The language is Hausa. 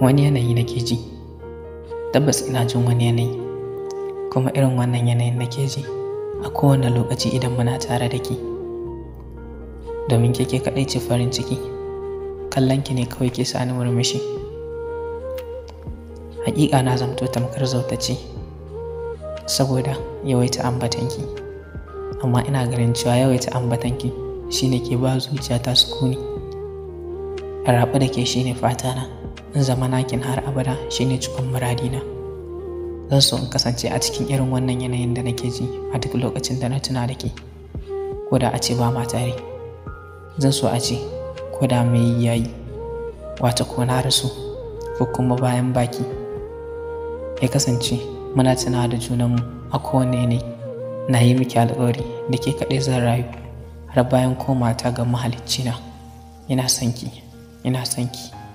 wani yanayi nake ji tabbas ina jin wani yanayi kuma irin wannan yanayin nake ji a kowane lokaci idan muna tare da ke domin keke kaɗai ce farin ciki kallon ki ne kawai ke sani murmushi hakika na zamto tamkar zautace saboda yawaita ambatanki amma ina ganin cewa yawaita ambatanki shine ke ba zuciyata sukuni rabu da ke shine fatana in zama nakin har abada shine cikon muradina zan so in kasance a cikin irin wannan yanayin da nake ji a duk lokacin da na tuna da ke ko da a ce ba ma tare zan so a ce ko da mai yayi wata ko na rasu ko kuma bayan baki ya kasance muna tuna da junanmu a kowane yanayi na yi miki alkawari da ke kaɗai zan rayu har bayan komata ga mahalicci na. ina son ina son ki